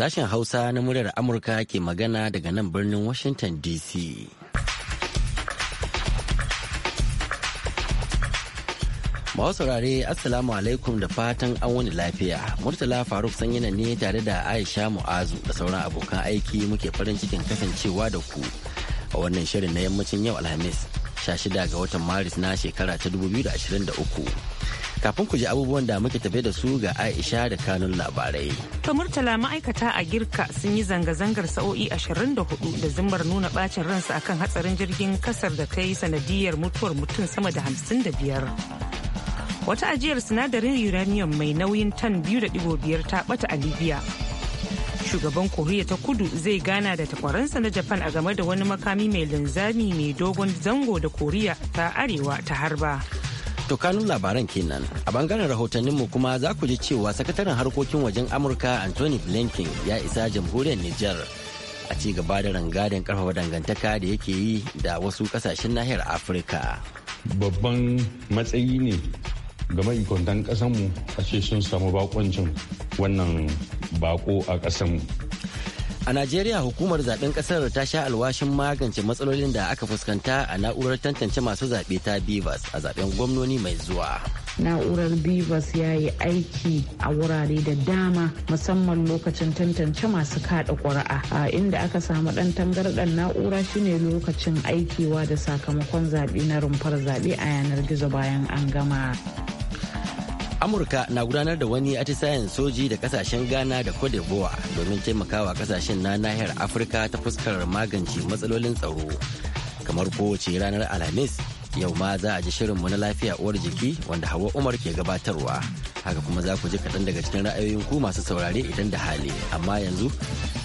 Sashen Hausa na muryar Amurka ke magana daga nan birnin Washington DC. saurare Assalamu alaikum da fatan an wani lafiya. Murtala Faruk sanyina ne tare da Aisha Mu'azu da sauran abokan aiki muke farin cikin kasancewa da ku a wannan shirin na yammacin yau Alhamis 16 ga watan Maris na shekara ta 2023. kafin ku ji abubuwan da muke tafe da su ga aisha da kanun labarai to murtala ma'aikata a girka sun yi zanga-zangar sa'o'i 24 da zumbar nuna bacin ransu akan hatsarin jirgin kasar da ta yi sanadiyar mutuwar mutum sama da 55 wata ajiyar sinadarin uranium mai nauyin tan 2.5 ta bata a libya shugaban koriya ta kudu zai gana da takwaransa na japan a game da wani makami mai linzami mai dogon zango da koriya ta arewa ta harba To labaran kenan. A bangaren rahotanninmu kuma za ku ji cewa sakataren harkokin wajen Amurka Anthony Blinken ya isa jamhuriyar Nijar a ci gaba da rangadin karfafa dangantaka da yake yi da wasu kasashen nahiyar Afirka. Babban matsayi ne ga ma'aikatan ƙasanmu a ce sun samu bakoncin wannan bako a ƙasanmu. A Najeriya hukumar zaben kasar ta sha alwashin magance matsalolin da aka fuskanta a na'urar tantance masu zaɓe ta Bivas a zaben gwamnoni mai zuwa. Na'urar Bivas ya yi aiki a wurare da dama musamman lokacin tantance masu kaɗa ƙuri'a. A inda aka samu ɗan tangarɗar na'ura shine lokacin aikewa da sakamakon zaɓe na rumfar zaɓe a yanar gizo bayan an gama. amurka na gudanar da wani atisayen soji da kasashen ghana da cote d'ivoire domin taimakawa kasashen na nahiyar afirka ta fuskar magance matsalolin tsaro kamar kowace ranar alhamis yau ma za a ji shirinmu na lafiya uwar jiki wanda hawa umar ke gabatarwa haka kuma za ku ji kaɗan daga cikin ra'ayoyin ku masu saurare idan da hali amma yanzu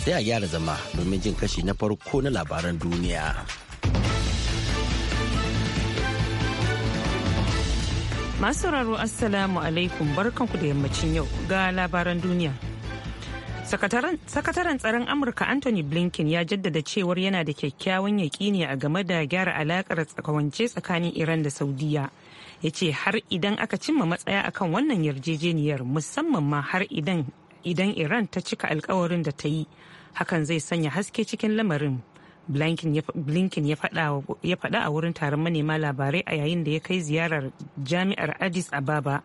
sai a gyara zama domin jin kashi na farko na labaran duniya. Masu sauraro Assalamu alaikum barkanku da yammacin yau ga labaran duniya. Sakataren tsaron Amurka Anthony Blinken ya jaddada cewar yana da kyakkyawan yaƙini a game da gyara alaƙar tsakawance tsakanin Iran da Saudiya. Ya ce har idan aka cimma matsaya akan wannan yarjejeniyar musamman ma har idan Iran ta cika alkawarin da ta yi hakan zai sanya haske cikin lamarin blinken ya faɗa a wurin taron manema labarai a yayin da ya kai ziyarar jami'ar addis ababa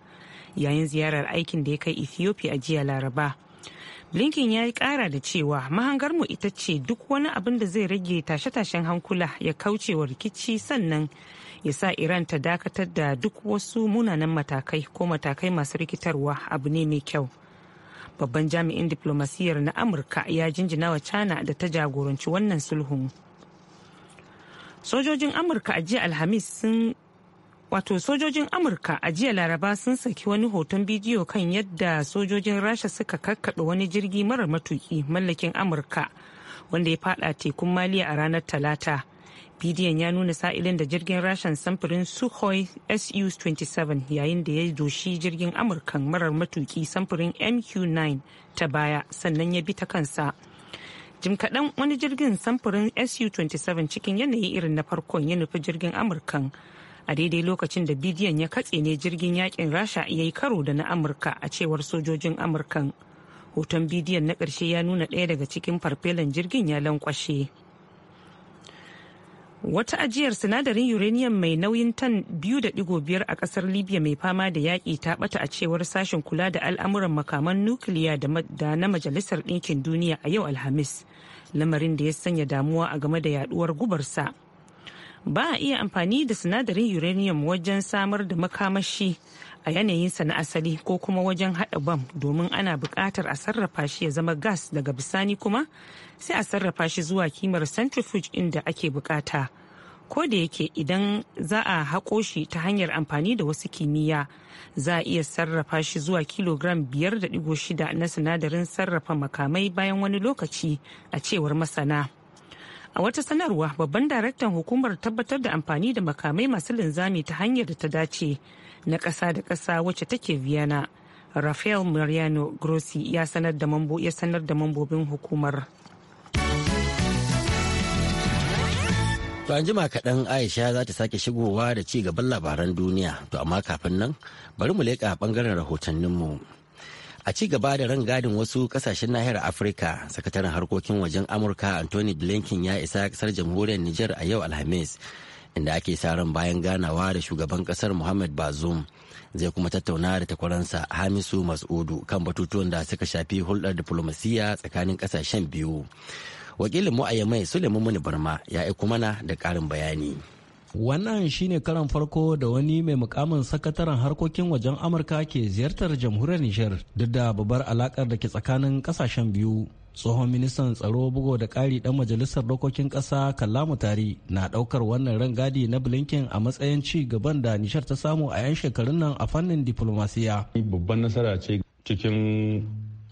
yayin ziyarar aikin da ya kai ethiopia a jiya laraba blinken ya yi kara da cewa mahangarmu ita ce duk wani abin da zai rage tashe-tashen hankula ya kauce wa rikici sannan ya sa iran ta dakatar da duk wasu munanan matakai ko matakai masu rikitarwa abu ne mai kyau babban jami'in diplomasiyyar na amurka ya jinjina wa china da ta jagoranci wannan sulhun sojojin amurka a jiya alhamis sun wato sojojin amurka a jiya laraba sun saki wani hoton bidiyo kan yadda sojojin rasha suka karkaɗe wani jirgi mara matuki mallakin amurka wanda ya fada tekun maliya a ranar talata bidiyon ya nuna sa'ilin da jirgin rashin samfurin sukhoi su-27 yayin da ya doshi jirgin amurkan marar matuki samfurin mq-9 ta baya sannan ya bi ta kansa jim kaɗan wani jirgin samfurin su-27 cikin yanayi irin na farkon ya nufi jirgin amurkan a daidai lokacin da bidiyon ya katse ne jirgin yakin rasha ya yi karo da na amurka a cewar sojojin amurkan hoton bidiyon na ƙarshe ya nuna ɗaya daga cikin farfelan jirgin ya lankwashe. wata ajiyar sinadarin uranium mai nauyin tan 2.5 a kasar libya mai fama da yaƙi ta bata a cewar sashen kula da al'amuran makaman nukiliya da na majalisar ɗinkin duniya a yau alhamis lamarin da ya sanya damuwa a game da yaduwar gubarsa ba a iya amfani da sinadarin uranium wajen samar da makamashi a yanayinsa na asali ko kuma wajen haɗa bam domin ana buƙatar a sarrafa shi ya zama gas daga bisani kuma sai a sarrafa shi zuwa kimar centrifuge inda ake buƙata ko da yake idan za a haƙo shi ta hanyar amfani da wasu kimiyya za a iya sarrafa shi zuwa kilogram 5.6 na sinadarin sarrafa makamai bayan wani lokaci a cewar masana a wata sanarwa babban daraktan hukumar tabbatar da amfani da makamai masu linzami ta hanyar da ta dace na ƙasa da ƙasa wacce take vienna rafael mariano grossi ya sanar da mambobin hukumar To an jima kaɗan Aisha za ta sake shigowa da ci gaban labaran duniya, to amma kafin nan bari mu leƙa ɓangaren rahotanninmu. A ci gaba da rangadin wasu kasashen nahiyar Afirka, sakataren harkokin wajen Amurka Anthony Blinken ya isa kasar jamhuriyar Nijar a yau Alhamis, inda ake sa ran bayan ganawa da shugaban kasar Muhammad Bazoum. zai kuma tattauna da takwaransa hamisu mas'udu kan batutuwan da suka shafi hulɗar diplomasiya tsakanin ƙasashen biyu wakilin mu a yamai suleiman barma ya aiko mana da karin bayani wannan shine karan farko da wani mai mukamin sakataren harkokin wajen amurka ke ziyartar jamhuriyar nijar duk da babbar alakar da ke tsakanin kasashen biyu tsohon ministan tsaro bugo da ƙari ɗan majalisar dokokin ƙasa kallamu tari na ɗaukar wannan rangadi na blinken a matsayin ci gaban da nishar ta samu a 'yan shekarun nan a fannin diplomasiya. babban nasara ce cikin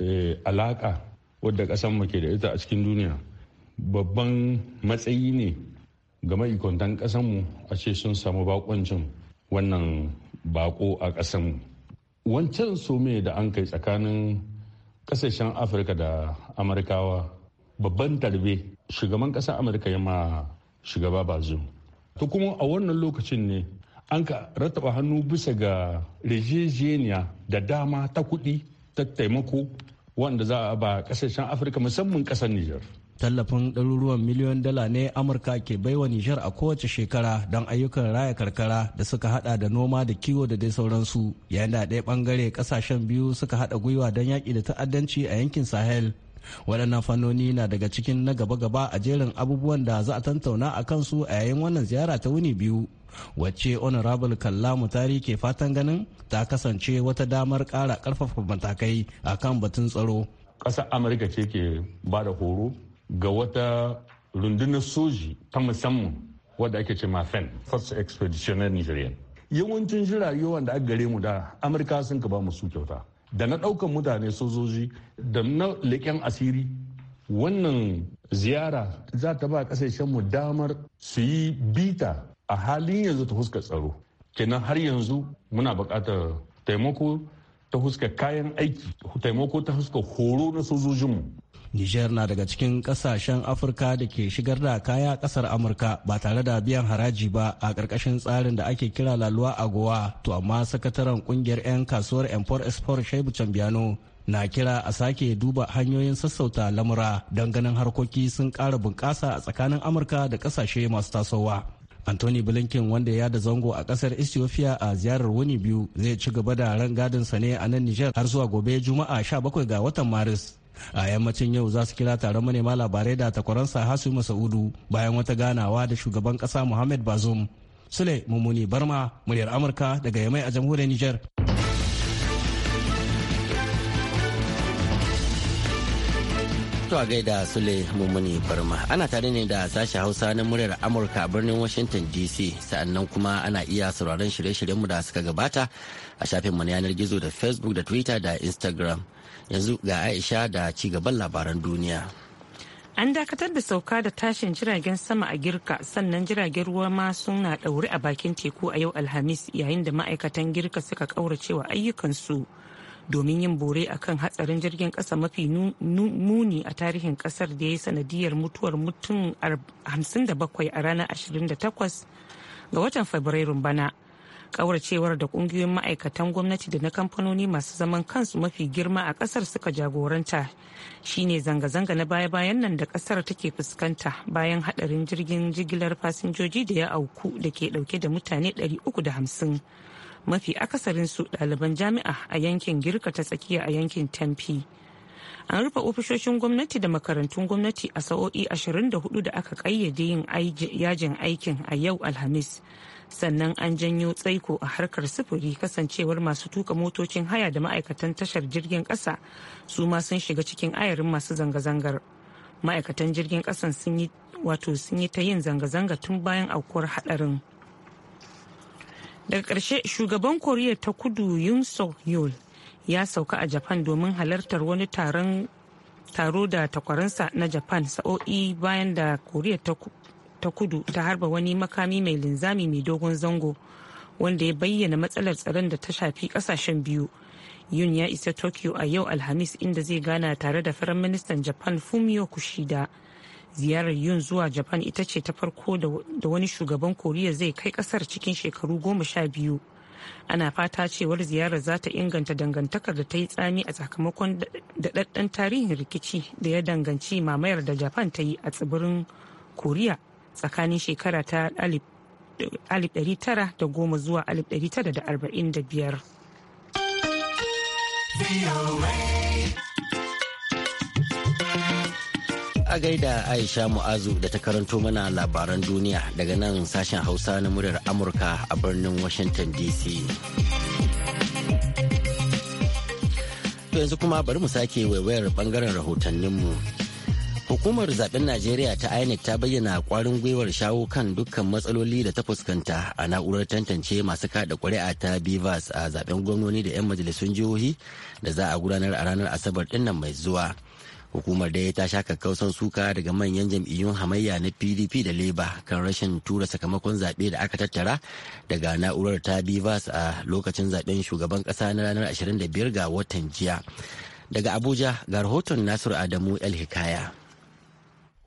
eh, alaƙa wadda ƙasar mu ke da ita a cikin duniya babban matsayi ne ga ma'aikatan ƙasanmu a ce sun samu bakoncin wannan bako a ƙasanmu wancan me da an kai tsakanin ƙasashen afirka da amurkawa babban tarbe shugaban ƙasar amurka ya ma shugaba zo. to kuma a wannan lokacin ne an ka rataba hannu bisa ga rejejeniya da dama ta kuɗi ta taimako wanda za a ba ƙasashen afirka musamman ƙasar nijar tallafin ɗaruruwan miliyon dala ne amurka ke baiwa nijar a kowace shekara don ayyukan raya karkara da suka hada da noma da kiwo da dai sauransu yayin da ɗaya ɓangare ƙasashen biyu suka hada gwiwa don yaƙi da ta'addanci a yankin sahel waɗannan fannoni na daga cikin na gaba-gaba a jerin abubuwan da za a tantauna a kansu a yayin wannan ziyara ta wuni biyu wacce honorable kallamu mutari ke fatan ganin ta kasance wata damar kara karfafa matakai a kan batun tsaro ƙasar amurka ce ke ba horo ga wata rundunar soji ta musamman wadda ake ce mafen first expeditionary nigerian yawancin jirage da aka gare mu da amurka sun ka ba mu su kyauta da na ɗaukan mutane sojoji da na leƙen asiri wannan ziyara za ta ba mu damar su yi bita a halin yanzu ta huskar tsaro kenan har yanzu muna buƙatar taimako ta huskar kayan aiki taimako ta huskar horo na sojojinmu Nijar na daga cikin kasashen Afirka da ke shigar da kaya kasar Amurka ba tare da biyan haraji ba a ƙarƙashin tsarin da ake kira laluwa gowa. to amma sakataren kungiyar 'yan kasuwar Empor Export Shaibu Cambiano na kira a sake duba hanyoyin sassauta lamura don ganin harkoki sun ƙara bunƙasa a tsakanin amurka da ƙasashe masu tasowa anthony blinken wanda ya da zango a ƙasar ethiopia a ziyarar wani biyu zai ci gaba da rangadinsa ne a nan nijar har zuwa gobe juma'a 17 ga watan maris a yammacin yau za su kira taron manema labarai da takwaransa hasu masaudu bayan wata ganawa da shugaban kasa muhammad bazum sule mummuni barma muryar amurka daga yamai a jamhuriyar niger To a gaida Sule Mummuni Barma. Ana tare ne da sashen Hausa na muryar Amurka a birnin Washington DC. Sa'annan kuma ana iya sauraron shirye-shiryenmu da suka gabata a shafinmu na yanar gizo da Facebook da Twitter da Instagram. yanzu ga aisha da ci gaban labaran duniya an dakatar da sauka da tashin jiragen sama a girka sannan jiragen ruwa ma suna ɗaure a bakin teku a yau alhamis yayin da ma'aikatan girka suka kauracewa ayyukansu domin yin bore a kan hatsarin jirgin ƙasa mafi muni a tarihin ƙasar da ya yi sanadiyar mutuwar mutum 57 a ranar 28 ga watan fabrairun bana kauracewar da kungiyoyin ma'aikatan gwamnati da na kamfanoni masu zaman kansu mafi girma a kasar suka jagoranta shine zanga-zanga na baya-bayan nan da kasar take fuskanta bayan hadarin jirgin jigilar fasinjoji da ya auku da ke dauke da mutane 350 mafi akasarin su ɗaliban jami'a a yankin girka ta tsakiya a yankin tempi an rufe ofishoshin gwamnati da makarantun gwamnati a sa'o'i 24 da aka kayyade yin yajin aikin a yau alhamis sannan an janyo tsaiko a harkar sufuri kasancewar masu tuka motocin haya da ma'aikatan tashar jirgin kasa su ma sun shiga cikin ayarin masu zanga-zangar ma'aikatan jirgin kasan sun yi wato sun yi ta yin zanga-zanga tun bayan aukuwar hadarin daga ƙarshe shugaban koriya ta kudu yun ya sauka a japan domin halartar wani taron taro da takwaransa na japan sa'o'i bayan da koriya ta ta kudu ta harba wani makami mai linzami mai dogon zango wanda ya bayyana matsalar tsaron da ta shafi kasashen biyu yun ya isa tokyo a yau alhamis inda zai gana tare da firan ministan japan fumio kushida ziyarar yun zuwa japan ita ce ta farko da wani shugaban koriya zai kai kasar cikin shekaru goma sha biyu ana fata cewar ziyarar za ta inganta dangantakar da ta yi tsami a sakamakon daɗaɗɗen tarihin rikici da ya danganci mamayar da japan ta yi a tsibirin koriya tsakanin shekara ta 1910 zuwa 1945. A gaida Aisha Mu'azu da ta karanto mana labaran duniya daga nan sashen Hausa na muryar Amurka a birnin Washington DC. yanzu kuma bari mu sake waiwayar bangaren rahotanninmu. mu. Hukumar zaben Najeriya ta INEC ta bayyana kwarin gwiwar shawo kan dukkan matsaloli da ta fuskanta a na'urar tantance masu kada kuri'a ta BVAS a zaben gwamnoni da 'yan majalisun jihohi da za a gudanar a ranar Asabar dinnan mai zuwa. Hukumar dai ta sha kakkausan suka daga manyan jam'iyyun hamayya na PDP da Leba kan rashin tura sakamakon zaɓe da aka tattara daga na'urar ta BVAS a lokacin zaben shugaban ƙasa na ranar 25 ga watan jiya. Daga Abuja ga rahoton Nasiru Adamu El Hikaya.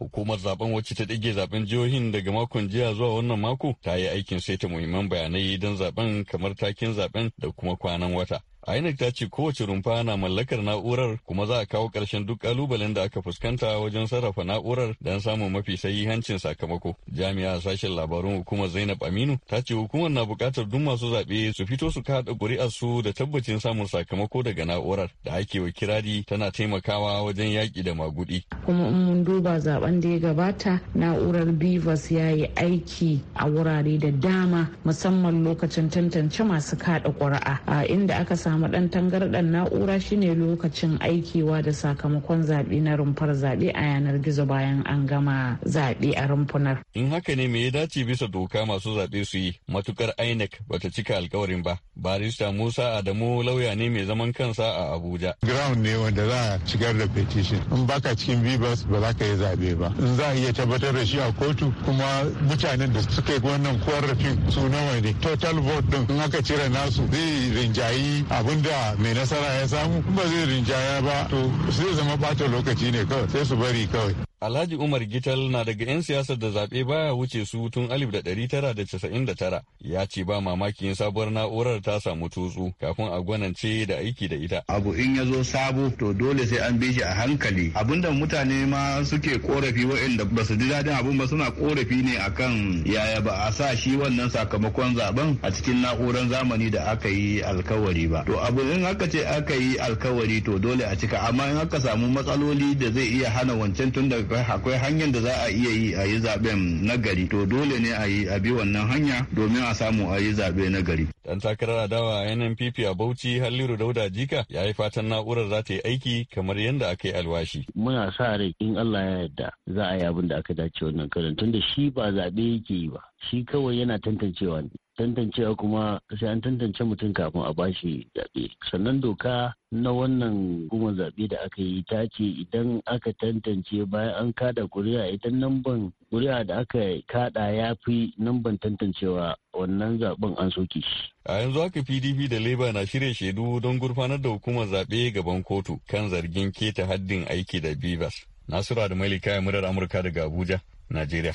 Hukumar zaben wacce ta ɗage zaben jihohin daga makon jiya zuwa wannan mako ta yi aikin saita muhimman bayanai don zaben kamar takin zaben da kuma kwanan wata. INEC ta ce kowace rumfa na mallakar na'urar kuma za a kawo ƙarshen duk ƙalubalen da aka fuskanta wajen sarrafa na'urar don samun mafi sahihancin sakamako. Jami'a sashen labarun hukumar Zainab Aminu ta ce hukumar na buƙatar duk masu zaɓe su fito su kaɗa ƙuri'ar su da tabbacin samun sakamako daga na'urar da ake wa kirari tana taimakawa wajen yaƙi da maguɗi. Kuma in mun duba zaben da ya gabata na'urar Bivas ya yi aiki a wurare da dama musamman lokacin tantance masu kaɗa ƙuri'a inda aka samu ɗan tangarɗar na'ura shine lokacin aikiwa da sakamakon zaɓe na rumfar zaɓe a yanar gizo bayan an gama zaɓe a rumfunar. In haka ne me ya dace bisa doka masu zaɓe su yi matukar INEC bata cika alkawarin ba. Barista Musa Adamu lauya ne mai zaman kansa a Abuja. Ground ne wanda za a shigar da petition. In baka cikin bibas ba za ka yi zaɓe ba. In za a iya tabbatar da shi a kotu kuma mutanen da suka yi wannan korafin su nawa ne. Total vote din in aka cire nasu zai rinjayi a abin da mai nasara ya samu ba zai rinjaya ba to zai zama bata lokaci ne kawai sai su bari kawai Alhaji Umar Gital na daga 'yan siyasar da zaɓe baya wuce su tun 1999 ya ce ba mamaki yin sabuwar na'urar ta samu tutsu kafin a gwanance da aiki da ita. Abu in ya zo sabo to dole sai an bi shi a hankali. Abun da mutane ma suke korafi waɗanda ba su ji daɗin abun ba suna korafi ne akan yaya ba a sa shi wannan sakamakon zaben a cikin na'urar zamani da aka yi alkawari ba. To abu in aka ce aka yi alkawari to dole a cika amma in aka samu matsaloli da zai iya hana wancan tun daga akwai hanyar da za a iya yi a yi zaben na gari to dole ne a yi a bi wannan hanya domin a samu a yi zabe na gari dan takarar adawa a NNPP a Bauchi Halliru Dauda Jika ya yi fatan na'urar za ta yi aiki kamar yadda aka yi alwashi muna sa rai in Allah ya yarda za a yi abin da aka dace wannan karin da shi ba zaɓe yake yi ba shi kawai yana tantancewa ne tantance kuma sai an tantance mutum kafin a bashi zaɓe sannan doka na wannan hukumar zaɓe da aka yi ta ce idan aka tantance bayan an kada kuri'a idan namban kuri'a da aka kada ya fi namban tantancewa wannan zaɓen an soke shi. a yanzu haka pdp da labour na shirya shaidu don gurfanar da hukumar zaɓe gaban kotu kan zargin keta haddin aiki da bivas nasura da malika murar amurka daga abuja najeriya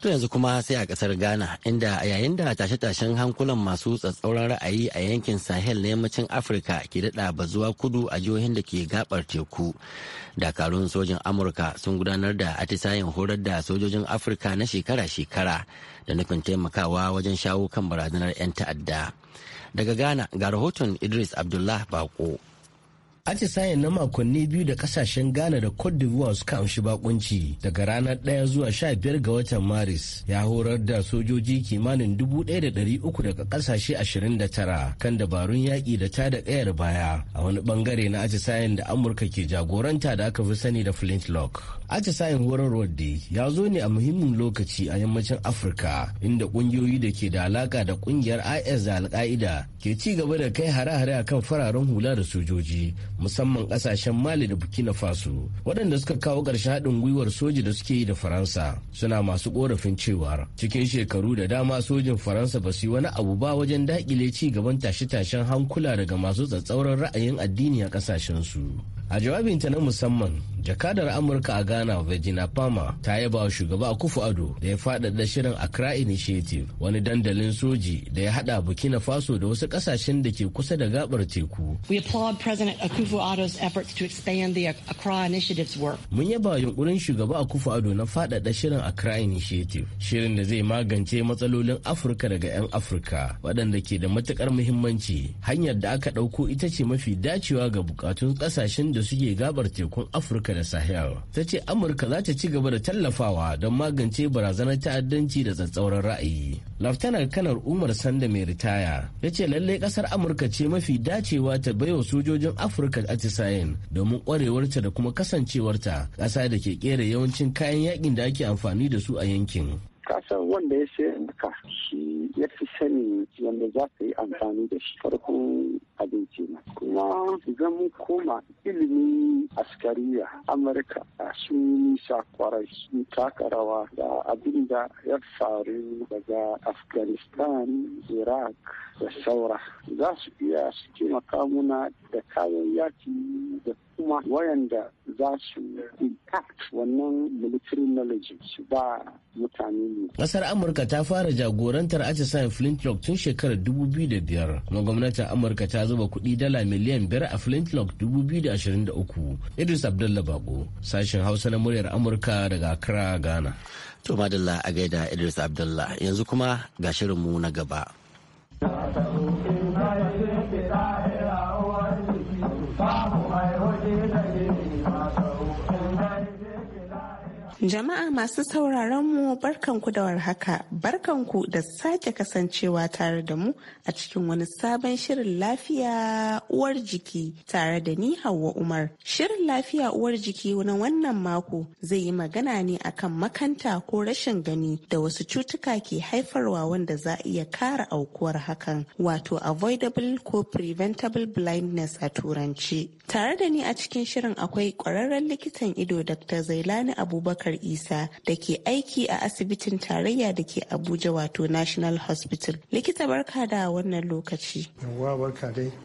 To yanzu kuma sai a kasar Ghana inda yayin da tashe-tashen hankulan masu tsatsauran ra'ayi a yankin Sahel na yammacin Afirka ke daɗa zuwa kudu a jihohin da ke gabar teku. Dakarun sojin Amurka sun gudanar da atisayen horar da sojojin Afirka na shekara-shekara da nufin taimakawa wajen shawo kan barazanar 'yan ta'adda. Daga Ghana ga rahoton Idris Abdullah Bako. Atisayen na makonni biyu da kasashen Ghana da Cote d'Ivoire suka amshi bakunci daga ranar ɗaya zuwa sha biyar ga watan Maris ya horar da sojoji kimanin dubu ɗaya da ɗari uku daga ƙasashe ashirin da tara. kan dabarun yaƙi da ta da ƙayar baya a wani ɓangare na atisayen da Amurka ke jagoranta da aka fi sani da Flintlock. Atisayen horarwar dai ya zo ne a muhimmin lokaci a yammacin Afirka inda ƙungiyoyi da ke da alaƙa da ƙungiyar IS da Al-Qaida ke ci gaba da kai hare-hare akan fararen hula da sojoji musamman kasashen mali da burkina faso waɗanda suka kawo ƙarshen haɗin gwiwar soji da suke yi da faransa suna masu ƙorafin cewa cikin shekaru da dama sojin faransa ba su yi wani abu ba wajen daƙile ci gaban tashe-tashen hankula daga masu tsatsauran ra'ayin addini a ƙasashensu a jawabinta na musamman jakadar amurka a ghana virginia palmer ta yaba wa shugaba kufu ado da ya faɗaɗa shirin accra initiative wani dandalin soji da ya haɗa burkina faso da wasu ƙasashen da ke kusa da gabar teku president mun yaba yunkurin shugaba a Kufu ado na faɗaɗa shirin accra initiative shirin da zai magance matsalolin afirka daga 'yan afirka waɗanda ke da matuƙar muhimmanci hanyar da aka ɗauko ita ce mafi dacewa ga bukatun ƙasashen da suke gabar tekun afirka amurka da sahel ta ce amurka za ta ci gaba da tallafawa don magance barazanar ta'addanci da tsatsauran ra'ayi laftanar kanar umar sanda mai ritaya ya ce lallai kasar amurka ce mafi dacewa ta baiwa sojojin afirka atisayen domin kwarewarta da kuma kasancewarta ƙasa da ke kera yawancin kayan yakin da ake amfani da su a yankin Kasar wanda ya ce haka shi ya fi sani wanda za ka yi amfani da shi farkon abinci na kuma idan koma ilimi askariya amurka a sun nisa kwarai sun taka rawa da abin da ya faru daga afghanistan iraq da saura za su iya su makamuna da kayan yaki da kuma wayanda za su impact wannan military knowledge su ba mutane ne. Kasar Amurka ta fara fara jagorantar atisayen flintlock tun shekarar 2005 kuma gwamnatin amurka ta zuba kuɗi dala miliyan biyar a flintlock 2023 idris abdullah bako sashen hausa na muryar amurka daga accra ghana to madalla a gaida idris abdullah yanzu kuma ga shirinmu na gaba Jama'a masu sauraron mu barkanku da warhaka, barkanku da sake kasancewa tare da mu a cikin wani sabon shirin lafiya uwar jiki tare da ni Hauwa Umar. Shirin lafiya uwar jiki na wannan mako zai yi magana ne akan makanta ko rashin gani da wasu cutuka ke haifarwa wanda za a iya kara aukuwar hakan, wato avoidable ko preventable blindness a turanci. Tare da ni a cikin shirin akwai kwararren likitan ido Dr. Zailani Abubakar abubakar isa da ke aiki a asibitin tarayya da ke abuja wato national hospital likita barka da wannan lokaci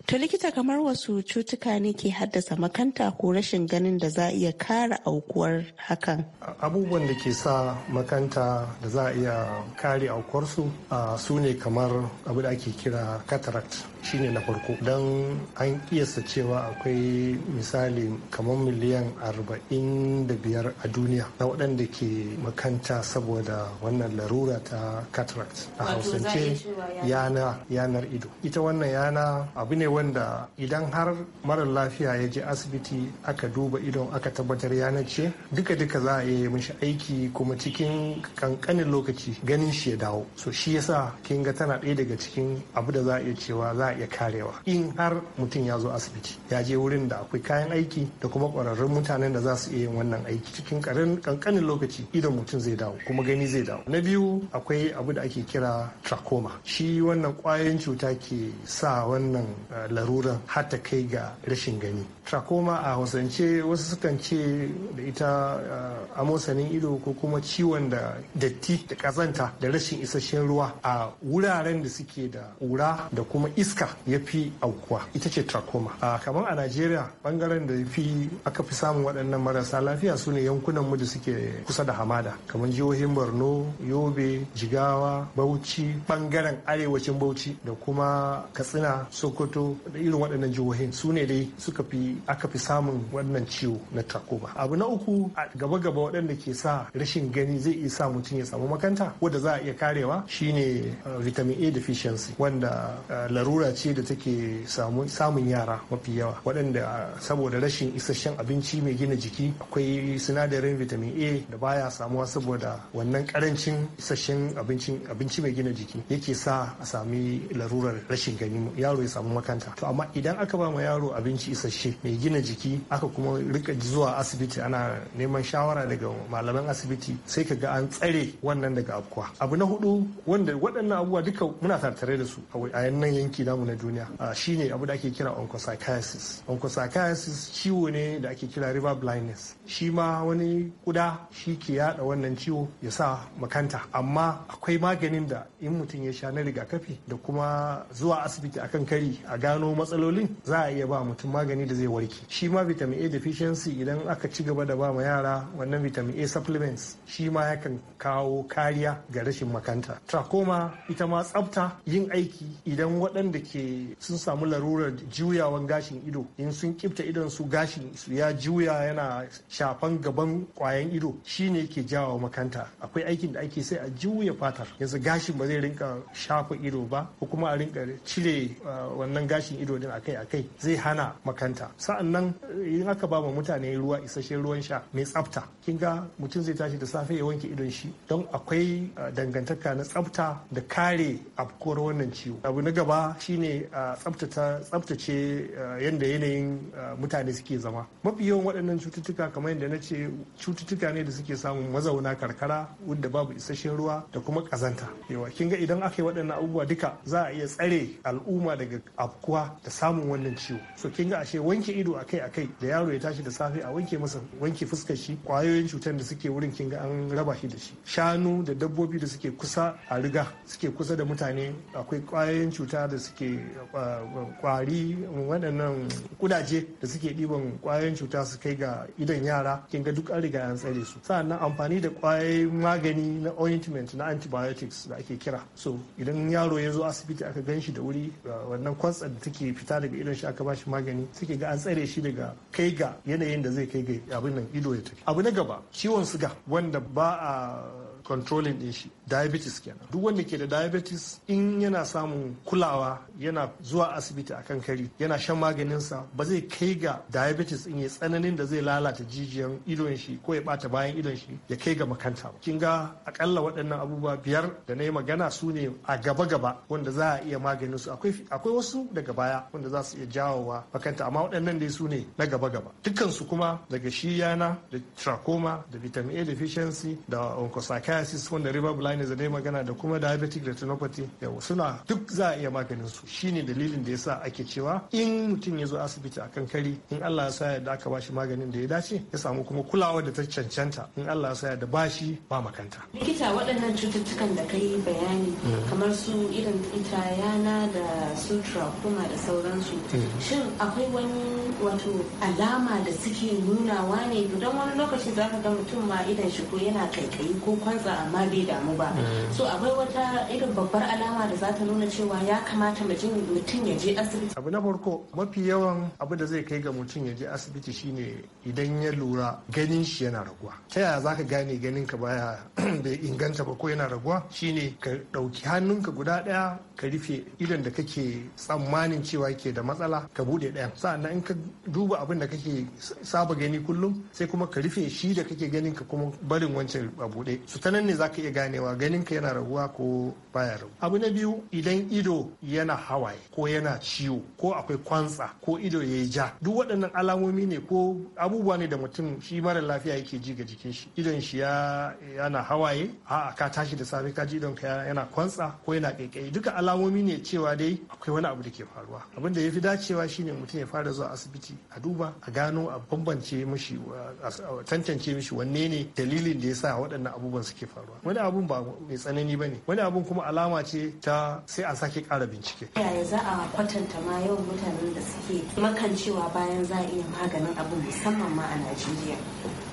to likita kamar wasu cutuka ne ke haddasa makanta ko rashin ganin da za a iya kare aukuwar hakan abubuwan da ke sa makanta da za a iya kare aukuwarsu su ne kamar abu da ake kira cataract shine na farko don an kiyasta cewa akwai misali kamar miliyan 45 a duniya na waɗanda ke makanta saboda wannan larura ta cataract a hausance yana yanar ido ita wannan yana abu ne wanda idan har marar lafiya ya je asibiti aka duba idon aka tabbatar yanar ce duka-duka za a yi mishi aiki kuma cikin kankanin lokaci ganin shi ya dawo so shi yasa kin ga tana ɗaya daga cikin abu da za a iya cewa za iya karewa in har mutum ya zo asibiti ya je wurin da akwai kayan aiki da kuma kwararrun mutanen da za su iya yin wannan aiki cikin kankanin lokaci idan mutum zai dawo kuma gani zai dawo na biyu akwai abu da ake kira trachoma shi wannan kwayoyin cuta ke sa wannan eh, laruran har ta kai ga rashin gani trachoma a hausance wasu sukan ce da ita eh, amosanin ido ko kuma ciwon da datti da kazanta da rashin isasshen ruwa a wuraren da suke da ƙura da kuma iska haka ya fi aukuwa ita ce trachoma a kamar a najeriya bangaren da ya fi aka fi samun waɗannan marasa lafiya su ne yankunan mu da suke kusa da hamada kamar jihohin borno yobe jigawa bauchi bangaren arewacin bauchi da kuma katsina sokoto da irin waɗannan jihohin su ne dai suka fi aka fi samun wannan ciwo na trachoma abu na uku a gaba gaba waɗanda ke sa rashin gani zai iya sa mutum ya samu makanta wanda za a iya karewa shine eh, vitamin a deficiency wanda eh, larura larura ce da take samun yara mafi yawa waɗanda ah, saboda rashin isasshen abinci mai gina jiki akwai sinadarin vitamin a da baya samuwa saboda wannan karancin isasshen abinci mai gina jiki yake sa a sami larurar rashin gani yaro ya samu makanta to amma idan aka ba ma yaro abinci isasshe mai gina jiki aka kuma rika zuwa asibiti ana neman shawara daga malaman asibiti sai ka ga an tsare wannan daga afkuwa abu na hudu wanda waɗannan abubuwa duka muna tattare da su a nan yanki na namu na duniya ah, shine abu da ake kira onchocerciasis onchocerciasis ciwo ne da ake kira river blindness shi ma wani kuda shi ke yada wannan ciwo ya sa makanta amma akwai maganin da in mutum ya sha na rigakafi da kuma zuwa asibiti akan kari a gano matsalolin za a iya ba mutum magani da zai warke shi ma vitamin a deficiency idan aka ci gaba da ba ma yara wannan vitamin a supplements shi ma yakan kawo kariya ga rashin makanta trachoma ita ma tsabta yin aiki idan waɗanda ke sun samu larurar juyawan gashin ido in sun kifta idon su gashin su ya juya yana shafan gaban kwayan ido shine ke jawo makanta akwai aikin da ake sai a juya fatar yanzu gashin ba zai rinka shafa ido ba ko kuma a rinka cire ah, wannan gashin ido din akai akai zai hana makanta sa'annan eh, in aka ba mutane ruwa isasshen ruwan sha mai tsafta kin ga mutum zai tashi da safe ya wanke idon shi don akwai ah, dangantaka na tsafta da kare afkuwar wannan ciwo abu na gaba shi shine a tsabtace yadda yanayin mutane suke zama mafi yawan waɗannan cututtuka kamar yadda na ce cututtuka ne da suke samun mazauna karkara wadda babu isasshen ruwa da kuma ƙazanta yawa kin ga idan aka yi waɗannan abubuwa duka za a iya tsare al'umma daga afkuwa da samun wannan ciwo so kin ga ashe wanke ido akai akai da yaro ya tashi da safe a wanke masa wanke fuskar shi kwayoyin cutar da suke wurin kin ga an raba shi da shi shanu da dabbobi da suke kusa a riga suke kusa da mutane akwai kwayoyin cuta da suke suke kwari waɗannan kudaje da suke ɗiban kwayoyin cuta su kai ga idon yara kin ga duk an riga an tsare su sa'annan amfani da kwayoyin magani na ointment na antibiotics da ake kira so idan yaro ya zo asibiti aka gan shi da wuri wannan kwatsar da take fita daga idon shi aka ba shi magani suke ga an tsare shi daga kai ga yanayin da zai kai ga abin nan ido ya tafi abu na gaba ciwon suga wanda ba a controlling din shi diabetes kenan duk wanda ke da diabetes in yana samun kulawa yana zuwa asibiti a kan kari yana shan maganin sa ba zai kai ga diabetes in ya tsananin da zai lalata jijiyan idon shi ko ya bata bayan idon shi ya kai ga makanta ba kin ga akalla waɗannan abubuwa biyar da na yi magana su ne a gaba gaba wanda za a iya maganin su akwai wasu daga baya wanda za su iya jawowa makanta amma waɗannan dai su ne na gaba gaba dukkan su kuma daga shi yana da trachoma da vitamin A deficiency da onchocerciasis psoriasis wanda river blindness da dai magana da kuma diabetic retinopathy yawa suna duk za a iya maganin su shine dalilin da yasa ake cewa in mutum ya zo asibiti a kan kari in Allah ya sa ya aka bashi maganin da ya dace ya samu kuma kulawa da ta cancanta in Allah ya sa ya da bashi ba makanta likita waɗannan cututtukan da kai bayani mm. kamar su irin ita yana da sutra kuma da sauransu mm. shin akwai wani wato alama da suke nunawa ne don wani lokaci za ka ga mutum ma idan shi ko yana kaikayi ko kwanza canza amma bai damu ba mm. so akwai wata irin babbar alama da za ta nuna cewa ya kamata mutum ya je asibiti abu na farko mafi yawan abu da zai kai ga mutum ya je asibiti shine idan ya lura ganin shi yana raguwa ta yaya zaka gane ganin ka baya bai inganta ba ko yana raguwa shine ka ɗauki hannunka guda ɗaya ka rufe idan da kake tsammanin cewa ke da matsala ka bude ɗayan sa'annan in ka duba abin da kake saba gani kullum sai kuma ka rufe shi da kake ganin ka kuma barin wancan a buɗe nan ne za ka iya ganewa ganinka yana raguwa ko baya ragu abu na biyu idan ido yana hawaye ko yana ciwo ko akwai kwantsa ko ido ya ja duk waɗannan alamomi ne ko abubuwa ne da mutum shi mara lafiya yake ji ga jikin shi idon shi yana hawaye a ka tashi da safe ka ji idon ka yana kwantsa ko yana kaikayi duka alamomi ne cewa dai akwai wani abu da ke faruwa abin da ya fi dacewa shine mutum ya fara zuwa asibiti a duba a gano a bambance mishi a tantance mishi wanne ne dalilin da ya sa waɗannan abubuwan suke suke faruwa wani abun ba mai tsanani ba ne wani abun kuma alama ce ta sai a sake kara bincike yaya za a kwatanta ma yawan mutanen da suke makancewa bayan za a iya maganin abun musamman ma a najeriya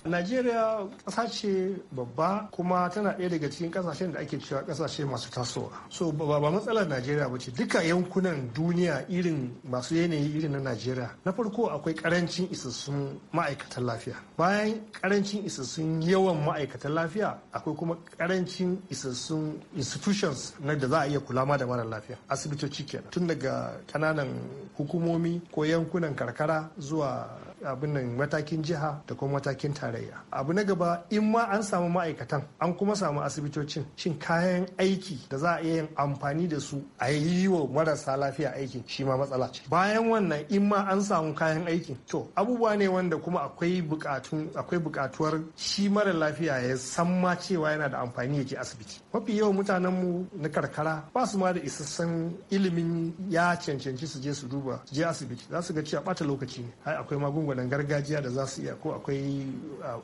Najeriya ƙasa ce babba kuma tana ɗaya daga cikin ƙasashen da ake cewa ƙasashe masu tasowa. So ba ba matsalar Najeriya ba ce duka yankunan duniya irin masu yanayi irin na Najeriya. Na farko akwai ƙarancin isassun ma'aikatan lafiya. Bayan ƙarancin isassun yawan ma'aikatan lafiya akwai kuma ƙarancin isassun institutions na da za a iya kula ma da mara lafiya. Asibitoci kenan tun daga ƙananan hukumomi ko yankunan karkara zuwa abin nan matakin jiha da kuma matakin tarayya abu na gaba in ma an samu ma'aikatan an kuma samu asibitocin shin kayan aiki da za a iya yin amfani da su a yi wa marasa lafiya aiki shi ma matsala ce bayan wannan in ma an samu kayan aikin to abubuwa ne wanda kuma akwai bukatun akwai bukatuwar shi mara lafiya ya san ma cewa yana da amfani yake asibiti mafi yawan mutanen mu na karkara ba su ma da isassan ilimin ya cancanci su je su duba su je asibiti za su ga cewa bata lokaci ne ai akwai magunguna magungunan gargajiya da za su iya ko akwai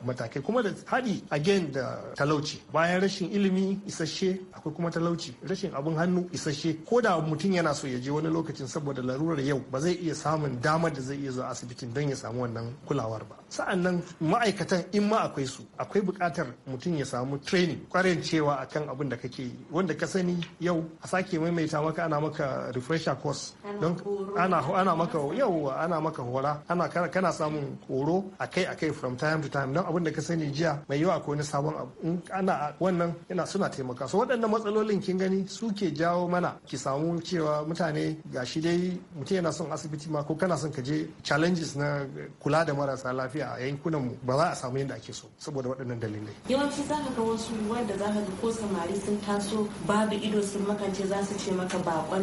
matakai kuma da haɗi again da talauci bayan rashin ilimi isasshe akwai kuma talauci rashin abin hannu isasshe ko da mutum yana so ya je wani lokacin saboda larurar yau ba zai iya samun damar da zai iya zuwa asibitin don ya samu wannan kulawar ba sa'annan ma'aikatan in ma akwai su akwai buƙatar mutum ya samu training kwarin cewa akan abin da kake yi wanda ka sani yau a sake maimaita maka ana maka refresher course don ana maka yau ana maka hora ana kana samun horo a kai from time to time don abin da ka sani jiya mai yawa ko wani sabon abu in ana wannan yana suna taimaka so waɗannan matsalolin kin gani suke jawo mana ki samu cewa mutane gashi dai mutum yana son asibiti ma ko kana son ka je challenges na kula da marasa lafiya a yankunan mu ba za a samu yadda ake so saboda waɗannan dalilai yawanci za ka ga wasu wanda za ka ga ko samari sun taso babu ido sun makance za su ce maka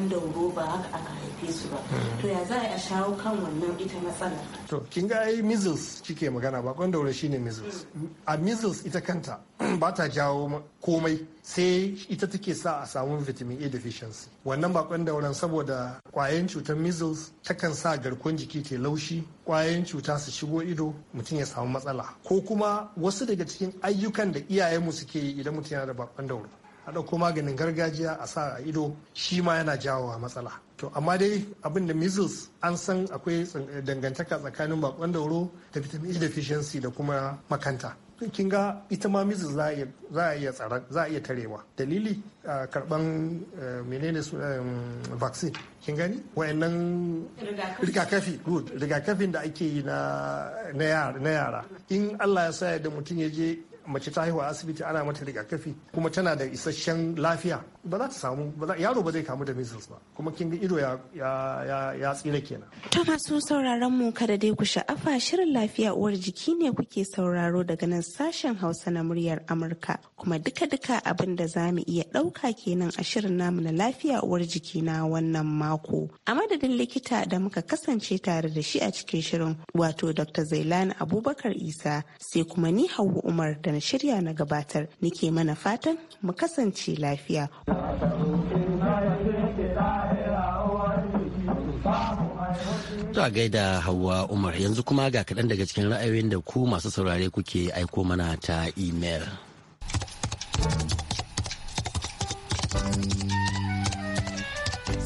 da wuro ba haka aka haife su ba hmm. to ya za a shawo kan wannan ita matsala. to kin kin ga ai measles kike magana ba kwan daure shine measles a measles ita kanta ba ta jawo komai sai ita take sa a samu vitamin A deficiency wannan bakon dauran saboda kwayan cutar measles takan sa garkuwar jiki ke laushi kwayan cuta su shigo ido mutum ya samu matsala ko kuma wasu daga cikin ayyukan da iyayenmu suke yi idan mutum yana da bakon dauro a ɗauko maganin gargajiya a sa a ido shi ma yana jawowa matsala to amma dai abin da measles an san akwai eh, dangantaka tsakanin bakon dauro da vitamin e deficiency da kuma makanta kin ga ita ma measles za a iya tsara za a iya tarewa dalili karban eh, menene vaccine kin gani wayannan rigakafi good rigakafin da ake yi na yara in Allah ya sa da mutum ya je mace ta haihuwa, asibiti ana mata rigakafi kuma tana da isasshen lafiya ba za ta samu yaro ba zai kamu da measles ba kuma kin ga ido ya tsira kenan to masu sauraron mu kada dai ku sha'afa shirin lafiya uwar jiki ne kuke sauraro daga nan sashen Hausa na muryar Amurka kuma duka-duka abin da za mu iya ɗauka kenan a shirin namu na lafiya uwar jiki na wannan mako a madadin likita da muka kasance tare da shi a cikin shirin wato Dr. Zailani Abubakar Isa sai kuma ni Hauwa Umar da na shirya na gabatar nike mana fatan mu kasance lafiya. To gaida hawa Umar yanzu kuma ga kaɗan daga cikin ra'ayoyin da ku masu saurare kuke aiko mana ta imel.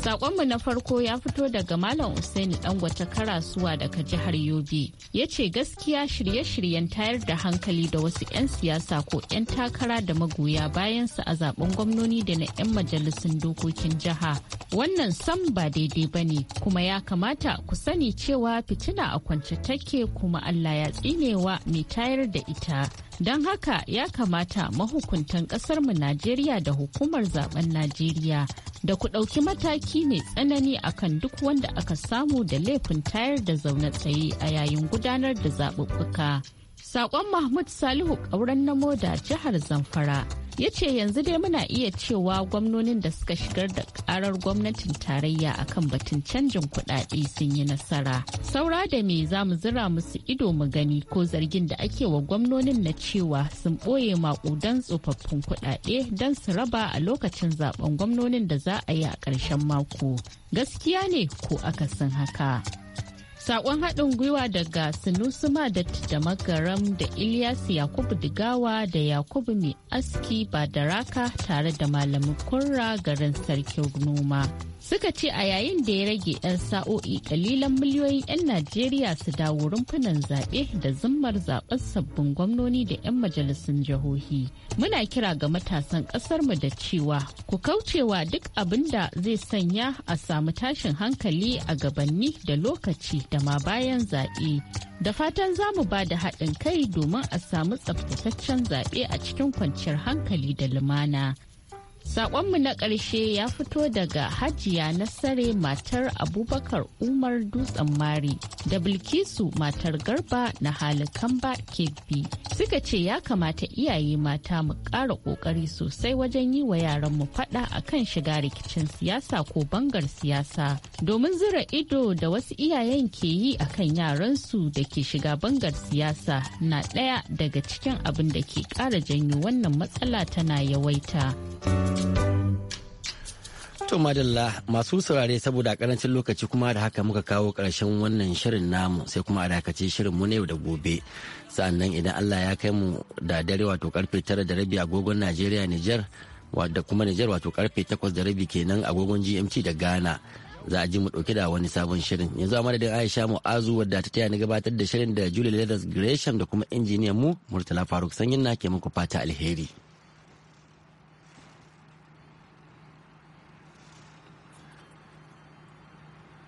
Sakonmu na farko ya fito daga Malam Usaini Dangwata Karasuwa daga jihar Yobe. Ya ce gaskiya shirye-shiryen tayar da hankali da wasu 'yan siyasa ko 'yan takara da magoya bayan su a zaben gwamnoni da na 'yan majalisun dokokin jiha. Wannan sam ba daidai ba ne kuma ya kamata ku sani cewa fitina a kwance take kuma Allah ya tsinewa mai tayar da ita. Don haka ya kamata mahukuntan ƙasarmu Najeriya da hukumar zaben Najeriya da ku ɗauki mataki ne tsanani akan duk wanda aka samu da laifin tayar da zaune tsaye a yayin gudanar da zaɓuɓɓuka. Sakon Mahmud Salihu ƙauren na moda jihar Zamfara ya ce yanzu dai muna iya cewa gwamnonin da suka shigar da karar gwamnatin tarayya akan batun canjin kuɗaɗe sun yi nasara. Saura da me za mu zira musu ido mu gani ko zargin da ake wa gwamnonin na cewa sun ɓoye maƙudan tsofaffin kuɗaɗe don su raba a lokacin zaben gwamnonin da za a yi a ƙarshen mako. Gaskiya ne ko akasin haka. Sakon haɗin gwiwa daga Sinusuma da Magaram da Ilyas Yakubu Digawa da Yakubu Mai Aski Badaraka tare da Malamin Kurra garin sarki Noma. suka ce a yayin da ya rage 'yan sa'o'i kalilan miliyoyin 'yan najeriya su dawo rumfunan zaɓe da zimmar zaɓen sabbin gwamnoni da 'yan majalisun jihohi muna kira ga matasan ƙasarmu da cewa ku kaucewa duk abin da zai sanya a samu tashin hankali a gabanni da lokaci da ma bayan zaɓe da fatan za mu ba da haɗin kai domin a samu tsaftataccen zaɓe a cikin kwanciyar hankali da lumana saƙonmu na ƙarshe ya fito daga Hajiya Nasare matar Abubakar Umar Dutsen Mari da Bilkisu matar Garba na Halikamba Kebbi. Suka ce ya kamata iyaye mata mu ƙara ƙoƙari sosai wajen yi wa yaranmu faɗa a kan shiga rikicin siyasa ko bangar siyasa. Domin zura ido da wasu iyayen ke yi a kan yaransu da ke shiga bangar siyasa na ɗaya daga cikin abin da ke ƙara janyo wannan matsala tana yawaita. To madalla masu saurare saboda karancin lokaci kuma da haka muka kawo karshen wannan shirin namu sai kuma a dakace shirin mu ne da gobe. Sa'annan idan Allah ya kai mu da dare wato karfe tara da rabi agogon Najeriya Nijar da kuma Niger wato karfe takwas da rabi kenan agogon GMT da Ghana. Za a ji mu dauke da wani sabon shirin. Yanzu a madadin Aisha mu azu wadda ta taya ni gabatar da shirin da Julie Leathers Gresham da kuma injiniyan mu Murtala Faruk Sanyin na ke muku fata alheri.